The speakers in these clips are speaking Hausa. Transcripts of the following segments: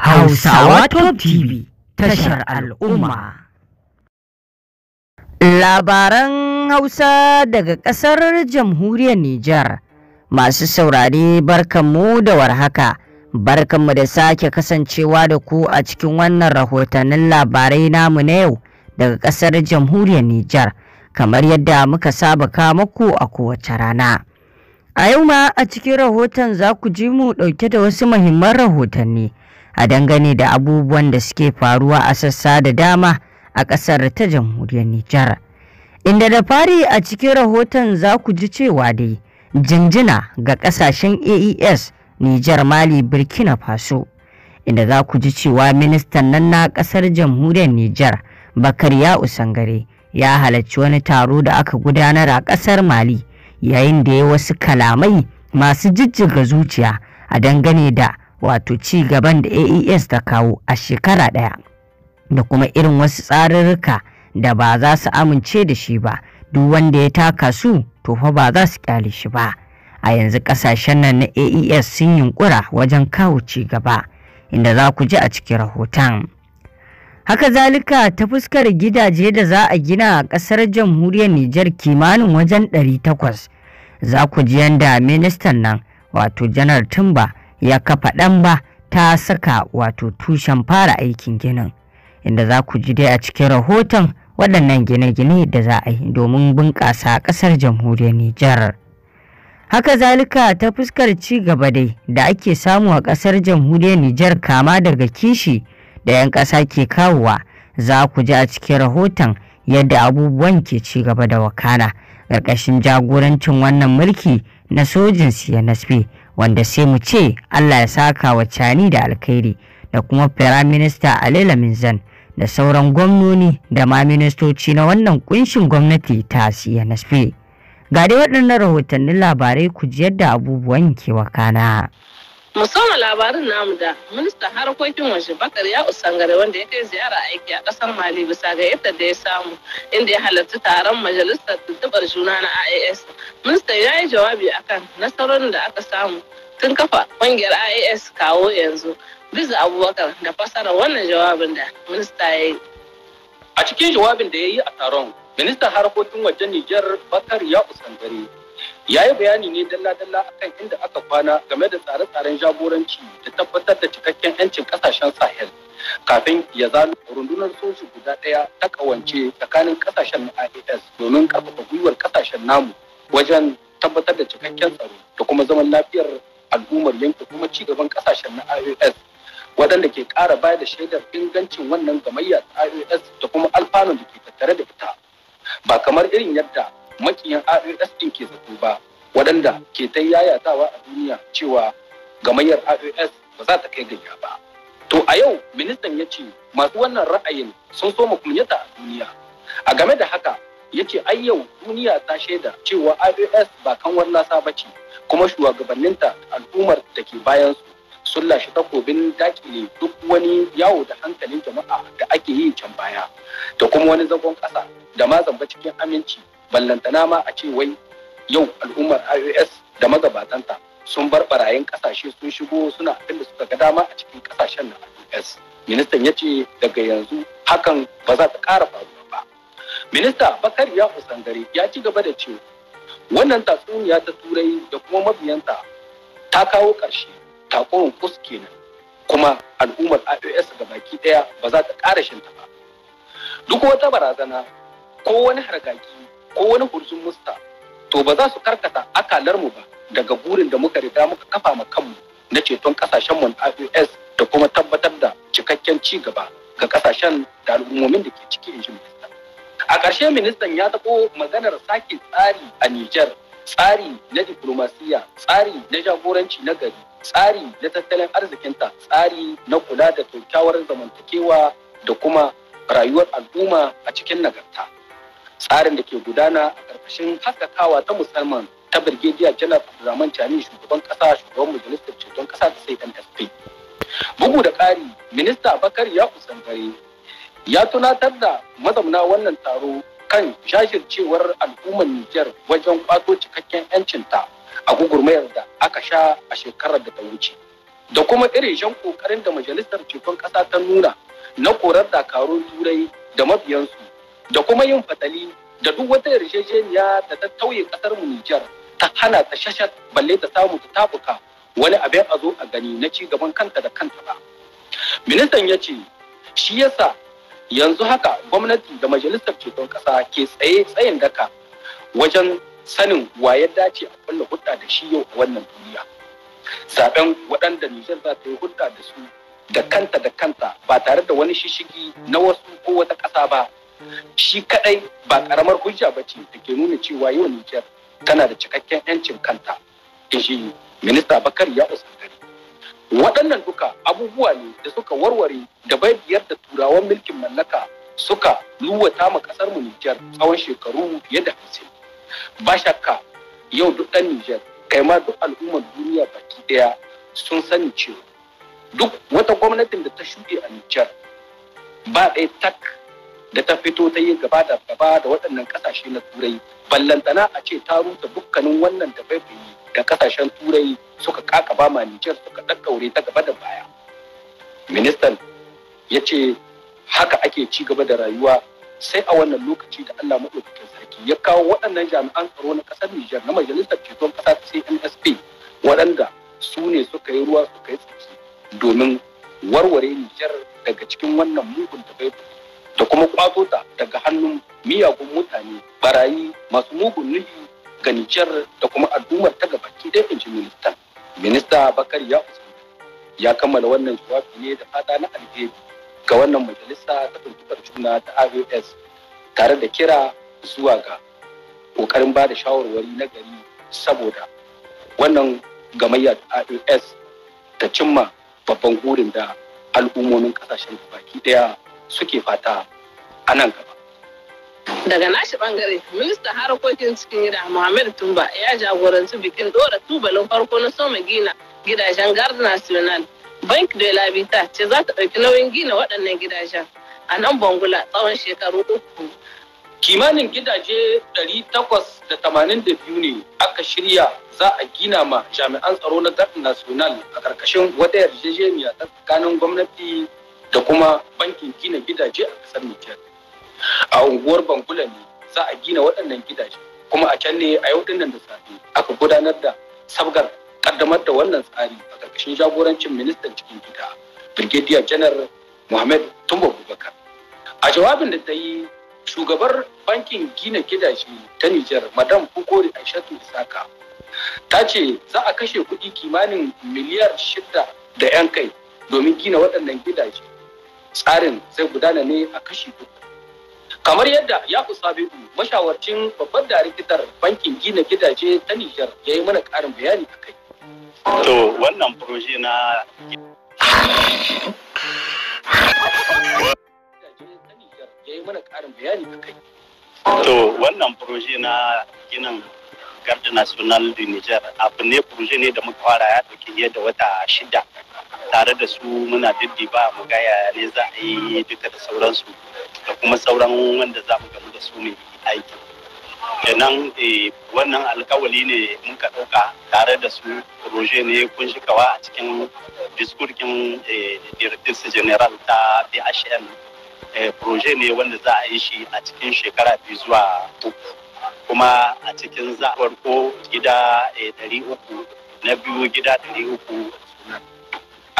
Hausawa Top TV tashar al'umma. Labaran Hausa daga ƙasar jamhuriyar Nijar masu saurare mu da warhaka. Barkanmu da sake kasancewa da ku a cikin wannan rahotannin labarai namu na yau daga ƙasar jamhuriyar Nijar kamar yadda muka saba kamako a kowace rana. A yau ma a cikin rahoton za ku ji mu ɗauke da wasu muhimman rahotanni. a dangane da abubuwan da suke faruwa a sassa da dama a ƙasar ta jamhuriyar Nijar. Inda da fari a cikin rahoton za ku ji cewa dai jinjina ga ƙasashen AES Nijar Mali Burkina Faso. Inda za ku ji cewa ministan nan na ƙasar jamhuriyar Nijar Bakar ya Usangare ya halarci wani taro da aka gudanar a ƙasar Mali yayin da ya wasu kalamai masu jijjiga zuciya a dangane da wato ci gaban da AES ta kawo a shekara ɗaya da kuma irin wasu tsarurruka da ba za su amince da shi ba duk wanda ya taka su to fa ba za su kyale shi ba a yanzu ƙasashen nan na AES sun yunkura wajen kawo ci gaba inda za ku ji a cikin rahoton haka zalika ta fuskar gidaje da za a gina a kasar jamhuriyar Nijar kimanin wajen 800 za ku ji yanda ministan nan wato janar Tumba ya kafa ɗan ba ta saka wato tushen fara aikin ginin inda za ku ji dai a cikin rahoton waɗannan gine-gine da za a yi domin bunƙasa ƙasar jamhuriyar Nijar. Haka zalika ta fuskar ci gaba dai da ake samu a ƙasar jamhuriyar Nijar kama daga kishi da 'yan ƙasa ke kawowa za ku ji a cikin rahoton yadda abubuwan ke ci gaba da wakana ƙarƙashin jagorancin wannan mulki na sojin siya na wanda sai mu ce Allah ya saka wa cani da alkhairi da kuma firaminista Alela Minzan da sauran gwamnoni da ma ministoci na wannan kunshin gwamnati ta CNSP. Ga dai waɗannan rahotannin labarai ku ji yadda abubuwan ke wakana. musamman labarin namu da minista harkokin waje bakar ya usangare wanda ya kai ziyara aiki a kasar mali bisa ga yadda da ya samu inda ya halarci taron majalisar tuntubar juna na ias minista ya yi jawabi akan nasarorin da aka samu tun kafa kungiyar ias kawo yanzu bisa abubakar da fasara wannan jawabin da minista ya yi a cikin jawabin da ya yi a taron Minista harkokin wajen nijar bakar ya usangare ya yi bayani ne dalla-dalla akan inda aka kwana game da tsare-tsaren jagoranci da tabbatar da cikakken 'yancin kasashen sahel kafin ya zano rundunar soji guda ɗaya ta kawance tsakanin kasashen na ias domin ƙarfafa gwiwar kasashen namu wajen tabbatar da cikakken tsaro da kuma zaman lafiyar al'ummar yankin kuma ci gaban kasashen na ios waɗanda ke ƙara bayar da shaidar ingancin wannan gamayya ta ios da kuma alfanun da ke tattare da ita ba kamar irin yadda makiyan IOS din ke zato ba waɗanda ke ta yayatawa a duniya cewa gamayyar IOS ba za ta kai gaya ba. To a yau ministan ya ce masu wannan ra'ayin sun so kunyata a duniya. A game da haka ya ce ai yau duniya ta shaida cewa IOS ba kanwar nasa ba ce kuma shugabanninta al'ummar da ke su sun lashe takobin dakile duk wani yawo da hankalin jama'a da ake yi can baya da kuma wani zagon ƙasa da ma zamba cikin aminci ballantana ma a ce wai yau al'ummar ios da magabatanta sun bar barayin kasashe sun shigo suna abin da suka ga dama a cikin kasashen na ios ministan ya ce daga yanzu hakan ba za ta ƙara faruwa ba minista bakar ya kusangare ya ci gaba da cewa wannan tatsuniya ta turai da kuma mabiyanta ta kawo ƙarshe takorin kuske kenan kuma al'ummar ios ga baki ɗaya ba za ta ƙara shinta ba duk wata barazana ko wani hargaki ko wani hurzun musta to ba za su karkata akalarmu ba daga burin da muka riga muka kafa ma kanmu na ceton kasashen mu na US da kuma tabbatar da cikakken ci gaba ga kasashen da al'ummomin da ke ciki injin minista. A ƙarshe ministan ya taɓo maganar sake tsari a Nijar, tsari na diplomasiya, tsari na jagoranci na gari, tsari na tattalin arzikinta, tsari na kula da kyakkyawar zamantakewa da kuma rayuwar al'umma a cikin nagarta. tsarin da ke gudana a ƙarƙashin haskakawa ta musamman ta birgediya janar abdulrahman chani shugaban ƙasa shugaban majalisar ceton ƙasa ta sai ɗan bugu da ƙari minista bakar ya gare ya tunatar da mazauna wannan taro kan jajircewar al'ummar nijar wajen kwato cikakken yancin ta a gugurmayar da aka sha a shekarar da ta wuce da kuma irin shan kokarin da majalisar ceton ƙasa ta nuna na korar dakarun turai da mabiyansu da kuma yin fatali da duk wata yarjejeniya da ta tauye kasar mu Nijar ta hana ta shashat balle ta samu ta tabuka wani abin a zo a gani na ci gaban kanta da kanta ba. Ministan ya ce shi yasa yanzu haka gwamnati da majalisar ceton kasa ke tsaye tsayin daka wajen sanin wa ya dace a kulle hudda da shi yau a wannan duniya. saɓen waɗanda Nijar za ta yi hudda da su da kanta da kanta ba tare da wani shishigi na wasu ko wata ƙasa ba shi kadai ba karamar hujja ba ce da ke nuna cewa yau Nijar tana da cikakken 'yancin kanta in shi minista Bakar ya usantari. Waɗannan duka abubuwa ne da suka warware da biyar da turawan mulkin mallaka suka luwata ma kasar mu Nijar tsawon shekaru fiye da hamsin. Ba shakka yau duk ɗan Nijar kai ma duk al'ummar duniya baki ɗaya sun sani cewa duk wata gwamnatin da ta shuɗe a Nijar ba ɗaya tak da ta fito ta yi gaba da gaba da waɗannan ƙasashe na turai ballantana a ce ta rusa dukkanin wannan da da ƙasashen turai suka ba ma Nijar suka ɗaɗɗaure ta gaba da baya. Ministan ya ce haka ake ci gaba da rayuwa sai a wannan lokaci da Allah maɗaukakin sarki ya kawo waɗannan jami'an tsaro na ƙasar Nijar na majalisar ceton ƙasa ta CNSP waɗanda su ne suka yi ruwa suka yi tsaki domin warware Nijar daga cikin wannan mugun da bai da kuma kwato ta daga hannun miyagun mutane barayi masu mugun nufi ga Nijar da kuma al'ummar ta gabaki ɗaya in ji ministan. Minista Bakar ya ya kammala wannan jawabi ne da fada na alheri ga wannan majalisa ta tuntuɓar juna ta IOS tare da kira zuwa ga ƙoƙarin ba da shawarwari na gari saboda wannan gamayya ta IOS ta cimma babban gurin da al'ummomin ƙasashen baki ɗaya suke fata a nan gaba. Daga nashi bangare, Minista Harakokin cikin gida Muhammad Tumba ya jagoranci bikin dora tubalin farko na soma gina gidajen Gard National. Bank de la Vita ce za ta ɗauki nauyin gina waɗannan gidajen a nan Bangula tsawon shekaru uku. Kimanin gidaje 882 ne aka shirya za a gina ma jami'an tsaro na Gard National a ƙarƙashin wata yarjejeniya tsakanin gwamnati da kuma bankin gina gidaje a kasar Nijar. A unguwar Bangula ne za a gina waɗannan gidaje kuma a can ne a yau dinnan da safe aka gudanar da sabgar kaddamar da wannan tsari a ƙarƙashin jagorancin ministan cikin gida Brigadier General Mohammed Tumba Bubakar. A jawabin da ta yi shugabar bankin gina gidaje ta Nijar Madam Fukori Aishatu Isaka ta ce za a kashe kuɗi kimanin miliyar shida da 'yan kai domin gina waɗannan gidaje tsarin zai gudana ne a kashi uku kamar yadda ya sabiu mashawarcin babbar darikitar bankin gina gidaje ta nijar ya yi mana karin bayani a kai to wannan proje na to ginin garda national nijar abu ne proje ne da muka fara ya ɗauki yadda wata shida tare da su muna ba mu ya ne za a yi duka da sauransu da kuma sauran wanda za mu gamu da su ne aiki kenan eh, wannan alkawali ne mun ka ɗauka tare da su roje ne kun kawa a cikin diskurkin eh, director general ta bhm proje eh, ne wanda za a yi shi a cikin shekara biyu zuwa uku kuma a cikin zaɓar ko gida ɗari uku na biyu gida ɗari uku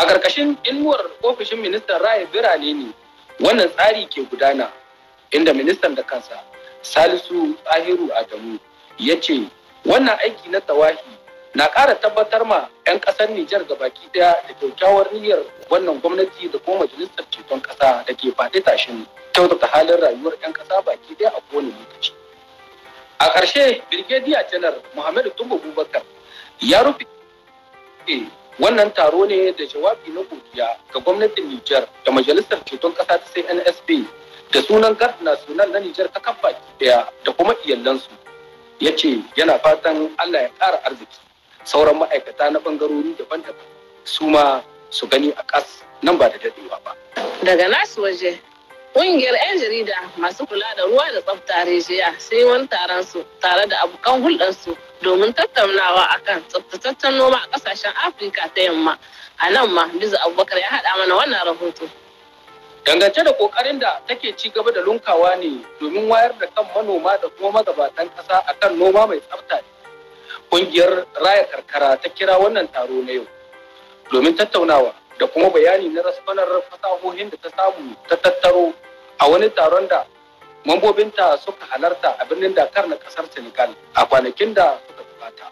A ƙarƙashin inuwar ofishin ministan raya birane ne wannan tsari ke gudana inda ministan da kansa Salisu Ahiru Adamu ya ce wannan aiki na tawahi na ƙara tabbatar ma 'yan ƙasar Nijar da baki ɗaya da kyaukyawar niyyar wannan gwamnati da kuma majalisar ceton ƙasa da ke faɗi tashin kyautata halin rayuwar 'yan ƙasa baki ɗaya a kowane lokaci. A ƙarshe Birgediya Janar Muhammadu Tumba Bubakar ya rufe Wannan taro ne da jawabi na godiya ga gwamnatin Nijar da Majalisar Ceton kasa ta CNSP da sunan na sunan na Nijar ta kafa daya da kuma iyalansu. Ya ce yana fatan Allah ya ƙara arziki sauran ma'aikata na bangarori daban-daban su ma su gani a ƙas nan ba da daɗewa ba. Daga nasu waje, ƙungiyar 'yan jarida masu kula da ruwa da tsafta rijiya sai wani taron su tare da abokan hulɗarsu domin tattaunawa akan tsaftataccen noma a kasashen afirka ta yamma a nan ma bisa abubakar ya haɗa mana wannan rahoto dangance da kokarin da take ci gaba da lunkawa ne domin wayar da kan manoma da kuma magabatan ƙasa akan noma mai tsafta kungiyar raya karkara ta kira wannan taro na yau domin tattaunawa da kuma bayani na rasfanar fasahohin da ta samu ta tattaro a wani taron da mambobinta suka halarta a birnin dakar na kasar senegal a kwanakin da suka gabata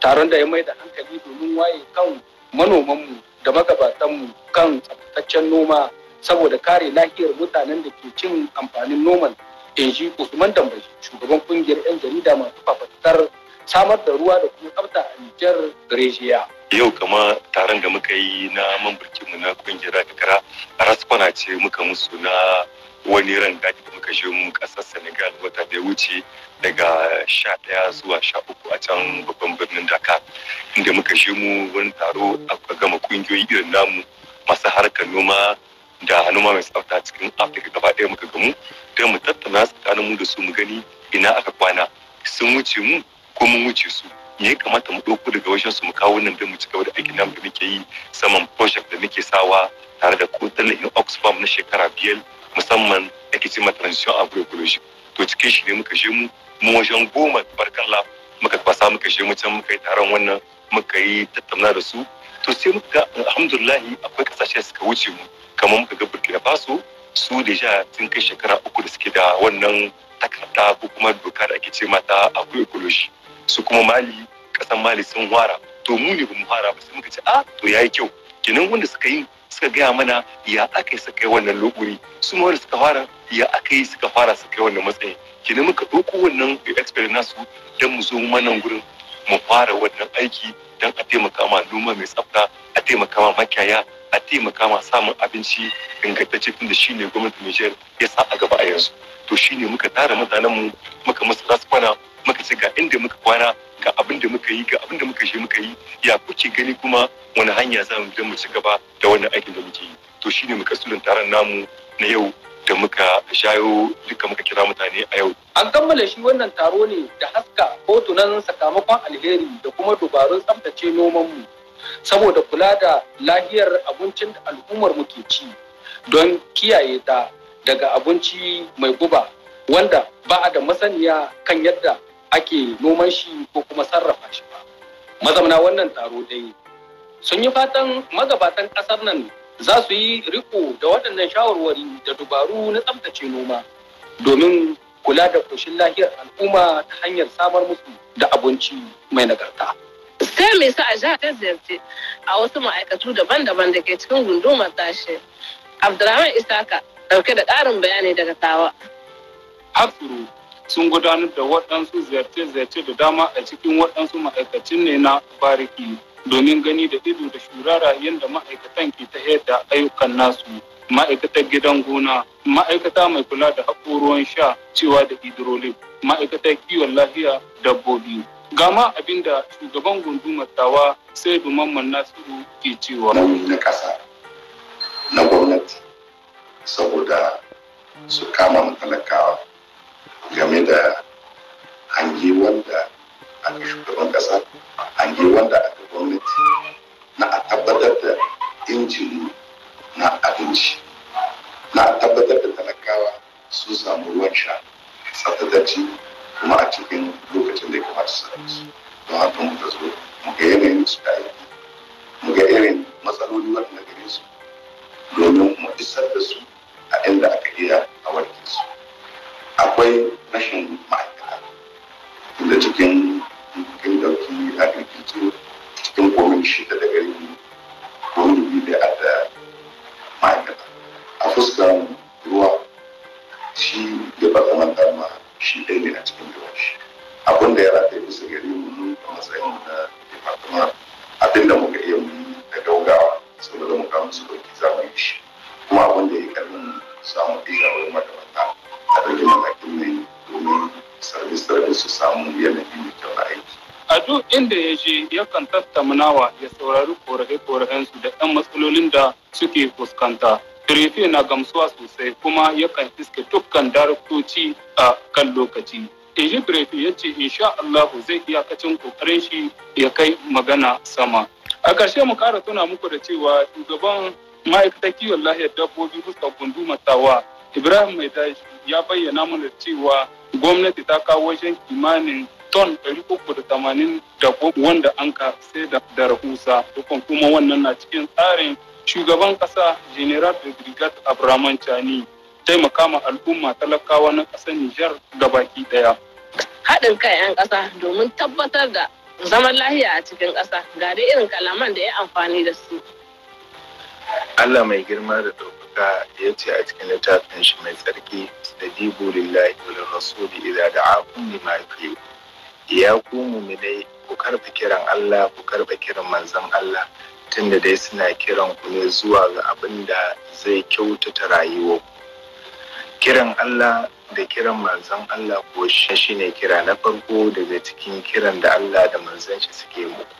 taron da ya mai da hankali domin waye kan manomanmu da magabatanmu kan tsabtaccen noma saboda kare lahiyar mutanen da ke cin amfanin noman inji usman dambaji, shugaban kungiyar 'yan jarida masu fafatar samar da ruwa da kuma tsabta a nijar rejiya yau kama taron da muka yi na mambarkinmu na kungiyar kakara a raskwana ce muka musu na wani ran da muka shi mu kasar Senegal wata da ya wuce daga sha ɗaya zuwa sha uku a can babban birnin Dakar inda muka shi mu wani taro aka gama kungiyoyi irin namu masu harkar noma da noma mai tsafta cikin Afirka gaba ɗaya muka gamu don mu tattauna tsakanin mu da su mu gani ina aka kwana sun wuce mu ko mun wuce su me kamata mu ɗauko daga wajen su mu kawo nan don mu ci gaba da aikin namu da muke yi saman project da muke sawa tare da kotun na Oxfam na shekara biyar musamman ake ce agroecology to cikin shi ne muka je mu mu wajen goma barkalla muka kwasa muka je mu can muka yi taron wannan muka yi tattauna da su to sai muka ga alhamdulillahi akwai kasashe suka wuce mu kamar muka ga burkina faso su deja sun kai shekara uku da suke da wannan takarda ko kuma doka da ake ce mata agroecology su kuma mali kasan mali sun fara to mu ne ba mu fara ba sai muka ce a ah, to yayi kyau kenan wanda suka yi suka gaya mana ya aka yi suka yi wannan lokuri su ma wanda suka fara ya aka yi suka fara suka yi wannan matsayin kenan muka ɗauko wannan experience nasu don mu zo manan gurin mu fara wannan aiki don a taimaka ma noma mai tsafta a taimaka ma makiyaya a taimaka ma samun abinci ingantacce tunda shi ne gwamnatin Nijar ya sa a gaba a yanzu to shi ne muka tara mutanenmu muka masu kwana muka ce ga inda muka kwana ga abin da muka yi ga abin da muka je muka yi ya kuke gani kuma wani hanya za mu bi mu ci gaba da wannan aikin da muke yi to shine muka sulun taron namu na yau da muka shayo duka muka kira mutane a yau. An kammala shi wannan taro ne da haska hotunan sakamakon alheri da kuma dubarun tsaftace noman mu saboda kula da lahiyar abincin da al'ummar mu ke ci don kiyaye ta daga abinci mai guba wanda ba a da masaniya kan yadda ake noman shi ko kuma sarrafa shi ba. Mazamna wannan taro dai sun yi fatan magabatan ƙasar nan za su yi riko da waɗannan shawarwari da dubaru na tsabtace noma domin kula da ƙoshin lahiyar al'umma ta hanyar samar musu da abinci mai nagarta. sai mai sa a jihar ta ziyarci a wasu ma'aikatu daban-daban da ke cikin gundumar tashi abdulrahman isaka ɗauke da ƙarin bayani daga tawa hatsuru sun gudanar da waɗansu ziyarce-ziyarce da dama a cikin waɗansu ma'aikacin ne na bariki domin gani da ido da shurara yadda ma'aikatan ke ta da ayyukan nasu ma'aikatar gidan gona ma'aikata mai kula da ruwan sha cewa da hidrolik ma'aikatar kiwon lafiya dabbobi gama abinda shugaban gundumar tawa sai mamman nasiru ke cewa na ƙasa na gwamnati saboda su kama matalakawa game da hangi wanda aka shugaban ƙasa hangi wanda aka gwamnati na a tabbatar da injin na abinci na a tabbatar da talakawa su samu ruwan sha tsaftatacce kuma a cikin lokacin da ya kamata su su don haka ta zo ga yanayin su da mu ga irin matsaloli wanda ƙoƙarin su samu yanayi mai kyau a aiki. A duk inda ya je yakan tattaunawa ya saurari korafe su da ɗan matsalolin da suke fuskanta. Turefe na gamsuwa sosai kuma yakan iske dukkan daraktoci a kan lokaci. Eji Turefe ya ce insha Allahu zai iyakacin kokarin shi ya kai magana sama. A ƙarshe mu ƙara tuna muku da cewa shugaban ma'aikatar kiwon lahiyar dabbobi Musa Gunduma Tawa Ibrahim Mai ya bayyana mana cewa gwamnati ta kawo wajen kimanin ton 380 da wanda an ka sai da rahusa dukkan kuma wannan na cikin tsarin shugaban kasa general de brigade abraman chani taimaka ma al'umma talakawa na ƙasar nijar ga baki daya haɗin kai 'yan ƙasa domin tabbatar da zaman lahiya a cikin ƙasa ga irin kalaman da ya amfani da su Allah mai girma da ɗauka haka ya ce a cikin littafin shi mai tsarki da jibu lillahi wa rasuli idan da akun lima fi ya ku muminai ku karɓa kiran Allah ku karɓa kiran manzon Allah tunda dai suna kiran ku ne zuwa ga abin da zai kyautata rayuwa kiran Allah da kiran manzon Allah ko shi ne kira na farko daga cikin kiran da Allah da manzon shi suke muku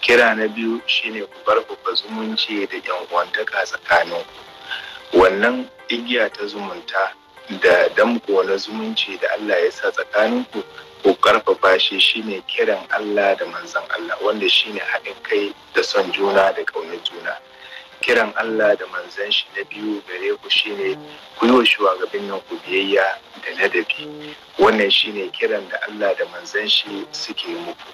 kira na biyu shine ku karfafa zumunci da yan uwantaka tsakanin ku wannan igiya ta zumunta da damko na zumunci da Allah ya sa tsakaninku ko karfafa shi shine kiran Allah da manzan Allah wanda shine haɗin kai da son juna da ƙaunar juna kiran Allah da manzan shi na biyu gare ku shine ku yi wa shugabannin ku biyayya da ladabi wannan shine kiran da Allah da manzan shi suke muku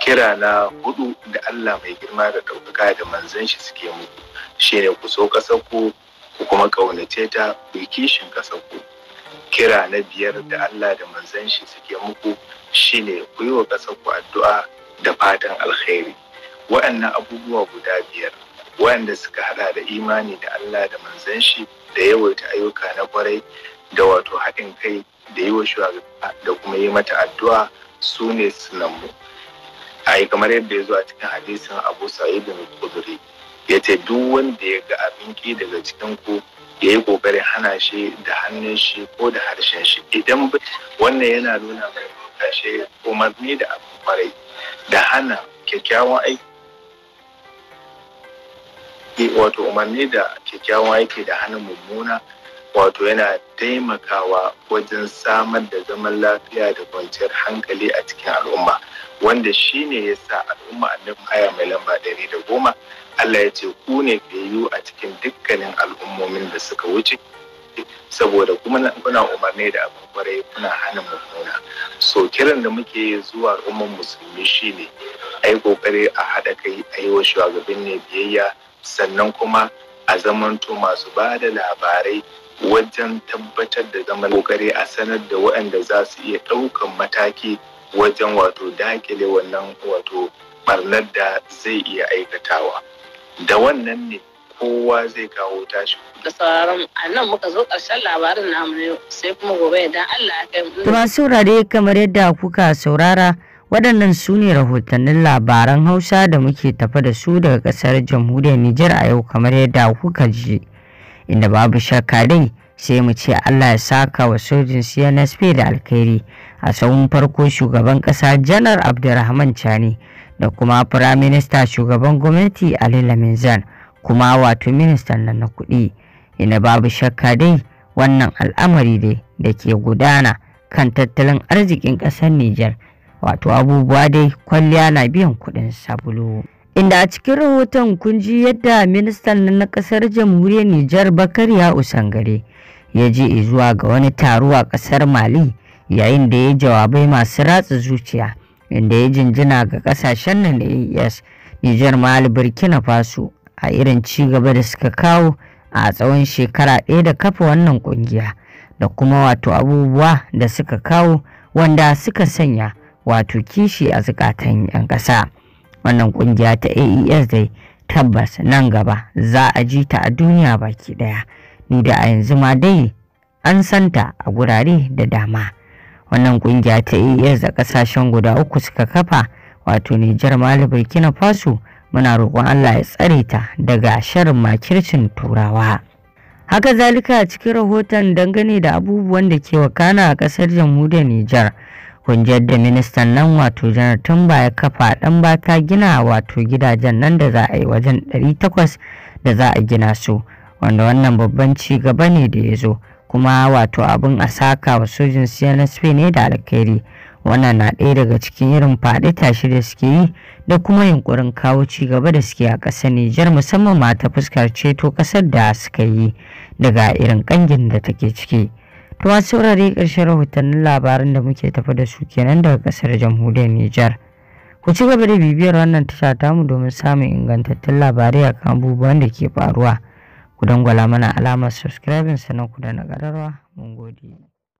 kira na hudu da Allah mai girma da ɗaukaka da manzan shi suke muku shine ku so ƙasar ku ku kuma ƙaunace ta ku kishin ku kira na biyar da Allah da manzon shi suke muku shine ku yi wa ƙasar addu'a da fatan alkhairi wa'annan abubuwa guda biyar wa'anda suka hada da imani da Allah da manzon shi da yawaita ayyuka na kwarai da wato haɗin kai da yi wa shugaba da kuma yi mata addu'a su ne sunanmu a yi kamar yadda ya zo a cikin hadisin abu sa'id kuduri ya ce duk wanda ya ga abin ki daga cikin ku ya yi kokarin hana shi da hannun shi ko da harshen shi idan wannan yana nuna mai kashe umarni da abin kwarai da hana kyakkyawan aiki e, wato umarni da kyakkyawan aiki da hana mummuna wato yana taimakawa wajen samar da zaman lafiya da kwanciyar hankali a cikin al'umma wanda shi ne ya sa al'umma annabi aya mai lamba ɗari da goma Allah ya ce ku ne fiyayyu a cikin dukkanin al'ummomin da suka wuce saboda kuma kuna umarni da abin kwarai kuna hana mummuna so kiran da muke zuwa al'ummar musulmi shine a yi kokari a haɗa kai a yi wa shugaban ne biyayya sannan kuma a zamanto masu ba da labarai wajen tabbatar da zaman kokari a sanar da waɗanda za su iya ɗaukan mataki wajen wato dakile wannan wato barnar da zai iya aikatawa da wannan ne kowa zai kawo tashi da sauraron a nan muka zo ƙarshen labarin namu ne sai kuma gobe idan Allah ya kai kuma saurare kamar yadda kuka saurara waɗannan su ne rahotannin labaran hausa da muke tafa da su daga ƙasar jamhuriyar Nijar a yau kamar yadda kuka ji inda babu shakka dai sai mu ce Allah ya saka wa sojin CNSP da alkhairi a tsawon farko shugaban kasa janar abdurrahman chani da kuma firaminista shugaban gwamnati ali lamizan kuma wato ministan na kuɗi ina babu shakka dai wannan al'amari dai da ke gudana kan tattalin arzikin ƙasar Nijar wato abubuwa dai kwalliya na biyan kuɗin sabulu. Inda a cikin rahoton kun ji yadda ministan na ƙasar jamhuriyar Nijar Bakar ya usangare ya je zuwa ga wani taro a ƙasar Mali yayin da ya jawabai masu ratsa zuciya inda ya jinjina ga kasashen nan da AES Niger, Mali Burkina Faso a irin ci gaba da suka kawo a tsawon shekara ɗaya da kafa wannan ƙungiya, da kuma wato abubuwa da suka kawo wanda suka sanya wato kishi a zukatan 'yan ƙasa wannan ƙungiya ta AES dai tabbas nan gaba za a ji ta a duniya baki ɗaya ni da a yanzu ma dai an santa a gurare da dama. wannan kungiya ta AES da kasashen guda uku suka kafa wato Nijar Mali Burkina Faso muna roƙon Allah ya tsare ta daga sharin makircin turawa haka zalika a cikin rahoton dangane da abubuwan da ke wakana a ƙasar jamhuriyar Nijar kungiyar da ministan nan wato janar tumba ya kafa dan bata gina wato gidajen nan da za a yi wajen 800 da za a gina su wanda wannan babban ci gaba ne da ya zo kuma wato abin a saka wa sojin cnsp ne da alkhairi wannan na ɗaya daga cikin irin faɗi tashi da suke yi da kuma yunkurin kawo ci gaba da suke a ƙasar nijar musamman ma ta fuskar ceto ƙasar da suka yi daga irin ƙangin da take ciki to a saurare ƙarshen rahotannin labaran da muke tafi da su kenan daga ƙasar jamhuriyar nijar ku ci gaba da bibiyar wannan tasha tamu domin samun ingantattun labarai a kan abubuwan da ke faruwa ku dangwala mana alamar subscribing sannan ku da na mun gode